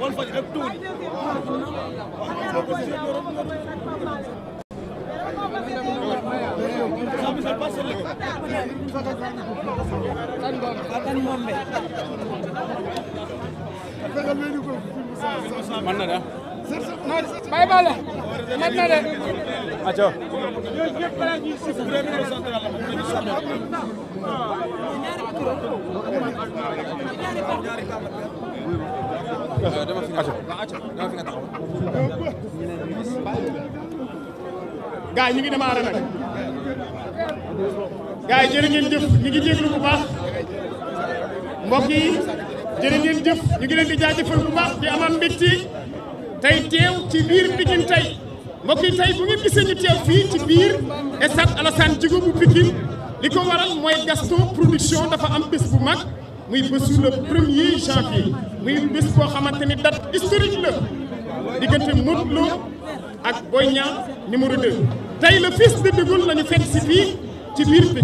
Wal faj rek tuun mën na de. bàyyi ba la na de. aco. gaa yi ñu ngi démarré nag. gaa yi jërë ngeen jëf ñu ngi jéglu bu baax mbokk yi jërë ngeen jëf ñu ngi leen di jaajëfal bu baax di amal mbégte tey teew ci biir Pikine tey mbokk tey bu ngeen gisee ñu teew fii ci biir stade Alassane Djigo bu Pikine li ko waral mooy Gaston production dafa am bés bu mag muy bésu le premier janvier muy bés boo xamante ni date historique la diggante Modou Lo ak Boy Niang numéro 2. tey le fils de De Gaulle la ñu si fii. ci biir bi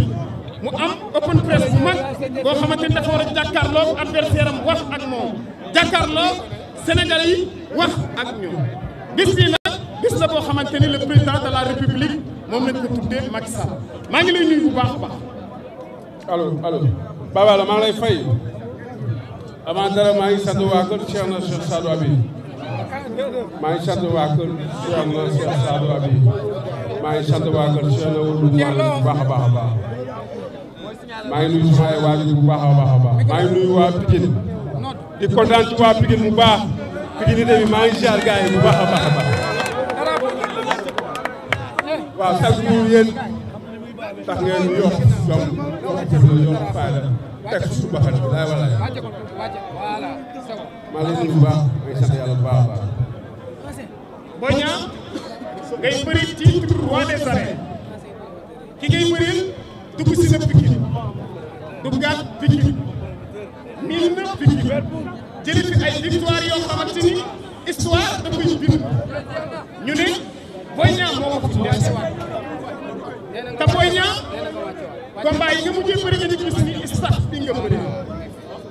mu am open press bu mag boo xamante ni dafa war a wax ak moom jàkkaarloo Sénégalais yi wax ak ñoom bis bi nag bis la boo xamante ni président de la république moom lañ ko tuddee Macky Sall maa ngi lay nuyu bu baax a baax. allo allo maa lay fay avant dara maa ngi sant waa kër Cheikh na Cheikh Sadou Abi maa ngi sant waa kër Cheikh Lo bu a a baax maa ngi nuyu sama waajur bu baax a baax a baax maa ngi nuyu waa Pikine di kontaan waa Pikine bu baax Pikine yi maa ngi ziar gars yi bu baax a baax a baax maa ngi lay nuyu bu baax maa baax. ngay bëri titre roi des arènes ki ngay bëril dugg si na Pikine duggaat Pikine miin na Pikine jëli fi ay victoire yoo xamante ni histoire da koy ñu ne Boy Niang moo ko fi def te Boy Niang combat yi nga mujjee bëri nga ñu bi nga bëri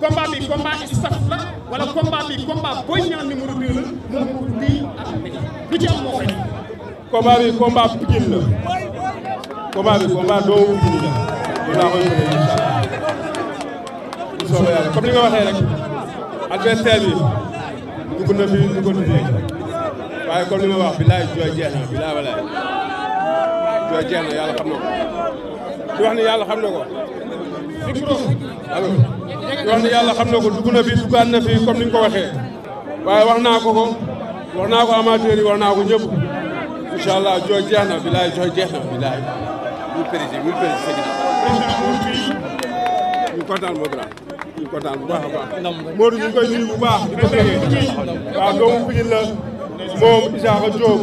combat bi combat staff la wala combat bi combat Boy lu ci moo koy combat bi combat Pikine la combat bi combat doomu Pikine la dinaa koy bëri incha allah bu soobee yàlla comme li nga waxee rek adversaire bi dugg na fi dugg na fi waaye comme li ma wax bilaay jooy jeex na bilaay walaay jooy jeex na yàlla xam na ko di wax ni yàlla xam na ko allo di wax ni yàlla xam na ko dugg na fi duggaat na fi comme ni nga ko waxee waaye wax naa ko ko wax naa ko amateur yi wax naa ko ñëpp incha allah jooy jeex na bilaay jooy jeex na bilaay ñu président ñu président ñu kontaan bu baax ñu kontaan bu baax a baax Modou ñu ngi koy nuyu bu baax di ko déggee waaw doomu Pikine la moom Isaaka Diop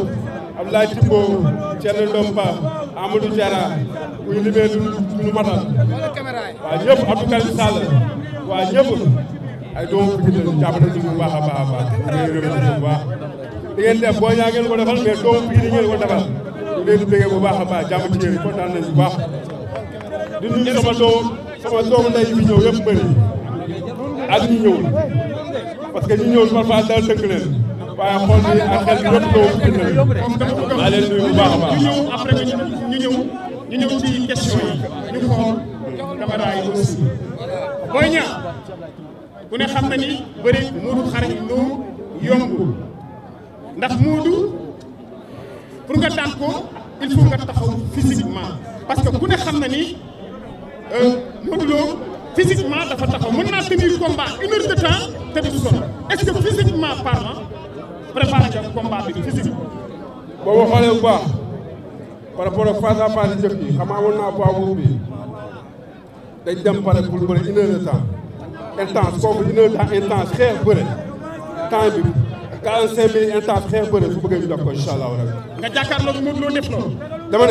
Abdoulaye Timbo Thierno Ndomba Amadou Diarra bu ñu limee du ñu matal waaw ñëpp Abdou Karim Sall waaw ñëpp ay doomu Pikine la jàpp nañu bu baax a baax a baax ñu ngi bu baax di ngeen def boo ñaa ngeen ko defal mais doomu bi di ngeen ko defal ñu leen bu baax a baax jàmm ci yéen kontaan nañ bu sama doom sama doomu ndey bi ñëw yëpp ak ñi ñëwul parce que ñi ñëwul parfois daal tënk leen waaye xool bi ak xel bi yëpp doomu bi na maa leen a baax ñu ñu ñu ñëw ci ñu xool caméra yi aussi ku ne xam na ni bëri muuru xarañ lu yombul ndax Modou pour nga daan ko il faut nga taxaw physiquement parce que ku ne xam na ni euh, Modou Lo physiquement dafa taxaw mën naa tenir combat une heure de temps te du sonn est-ce que physiquement parlant préparé nga combat bi physique. boobu xoolee bu baax par rapport ak face à face jëf yi xam nga amoon naa poids boobu bi dañ dem pare pour bëre une heure de temps intense kooku une heure de temps intense xeex bi. ka am 5000 instance xeex bëre su bëggee ñu def ko incha allah rabi. nga jàkkaarloo bi Modou Lo def loolu. dama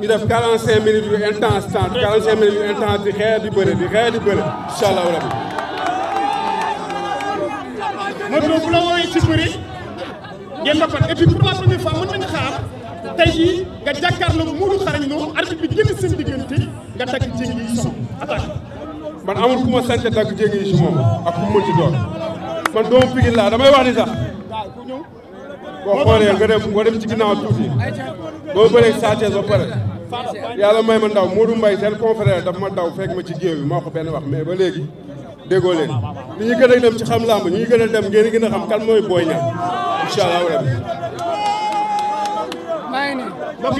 ñu def 45 minutes yu intense temps 45 minutes di xeex di bëre di xeex di bëre incha allah rabi. Modou Lo bu la woowee nga jàkkaarloo Modou takk jéeg yi son man amul ku ma sant dagg jéggi si moom ak ku mu mënti doon man doomu Pikine laa damay wax ni sax boo xoolee nga dem nga dem ci ginnaaw tuuti boo bëree Sa Thiès ba pare yàlla may ma ndaw Modou Mbaye seen confrère daf ma daw fekk ma ci géew bi ma wax wax mais ba léegi déggoo leen ni ñu gën a dem ci xam làmb ñu gën a dem ngeen gën a xam kan mooy Boy Niang incha allah rabbi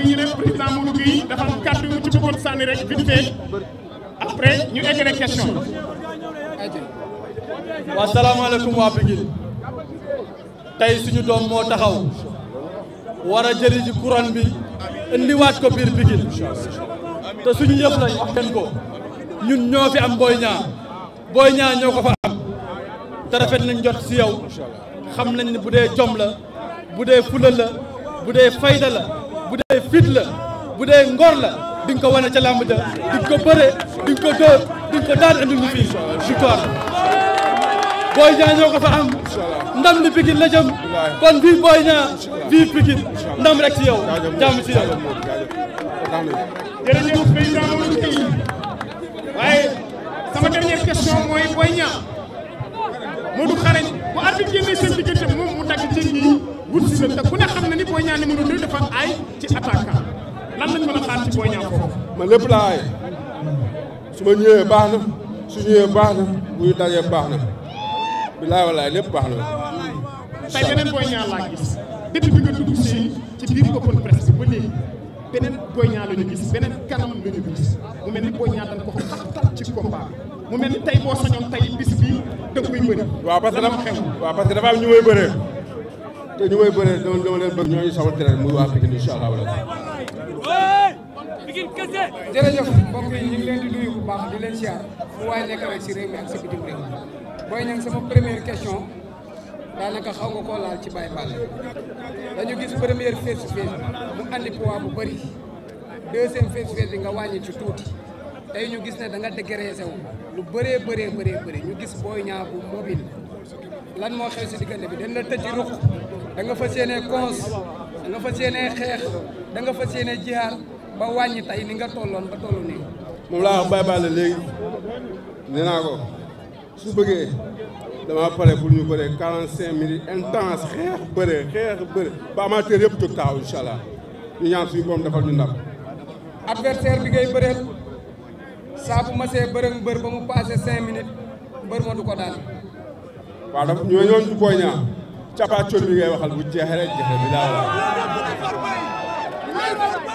yi ñu ne président Modou Guèye dafa am mu ci bëggoon sànni après ñu eggale question yi. waa salaamaaleykum waa tey suñu doom moo taxaw war a jëli ji couronne bi indiwaat ko biir Pikine te suñu yëf lañ wax leen ñun ñoo fi am booy Niang Boy Niang ñoo ko fa am te rafet nañ jot si yow xam nañ ne bu dee jom la bu dee fula la bu dee fayda la bu dee fit la bu dee ngor la. di nga ko wane ca làmb ja di nga ko bëre di nga ko daan andi ñu fii victoire Boy ñoo ko fa am ndam li Pikine la kon vive Boy Niang vive Pikine ndam rek ci yow jàmm ci yow jërëjëf président Mamadou Teye waaye sama dernière question mooy Boy Niang Modou mu dagg cër yi wut si la ku ne xam na ni Boy Niang numéro 2 dafa aay ci attaquant lan lañ mën a xaar ci Boy Niang foofu. man lépp laa ay su ma ñëwee baax na su ñëwee baax na buy dajee baax na bilaay walaay lépp baax na. tey beneen Boy Niang laa gis depuis bi nga dugg si ci biir open press bi ba léegi beneen Boy Niang la ñu gis beneen kanam la ñu gis mu mel ni Boy Niang dañ ko xaxtal ci combat mu mel ni tey boo sañoon tey bis bi dëkk muy bëri. waaw parce que dafa xew waaw parce que dafa am ñu may bëree. te ñu may bëree dama dama leen bëgg ñooñu sama traite muy waa Pikine incha allah. jërëjëf mbokk yi ñu ngi leen bu baax di leen siyaar fu waaye nekk rek si réew mi question daanaka xaw nga koo laal ci Baye Balla dañu gis première face to face mu andi bu bëri deuxième face to bi nga wàññi ci tuuti tey ñu gis ne da nga dégraissé wu lu bëree bëree bëri ñu gis booy ñaa bu mobile lan moo xew si diggante bi dañ la tëj ruq da nga fas yéenee cons da nga fas xeex da nga fas jihaar ba wàññi tey ni nga tolloon ba tollu nii. moom laa wax Baye Balla léegi nee su bëggee dama pare pour ñu bëree 45 minutes intense xeex bëree xeex bëree ba amateur yëpp jóg taaw incha allah ñu ñaan suñu boom defal ñu ndam. adversaire bi ngay bëreel saa bu masee bërëm bër ba mu passé 5 minutes bër ma du daal. waaw dafa ñoo ñoon du booy capaa cóon bi ngay waxal bu jeexee rek jeexee bi daal la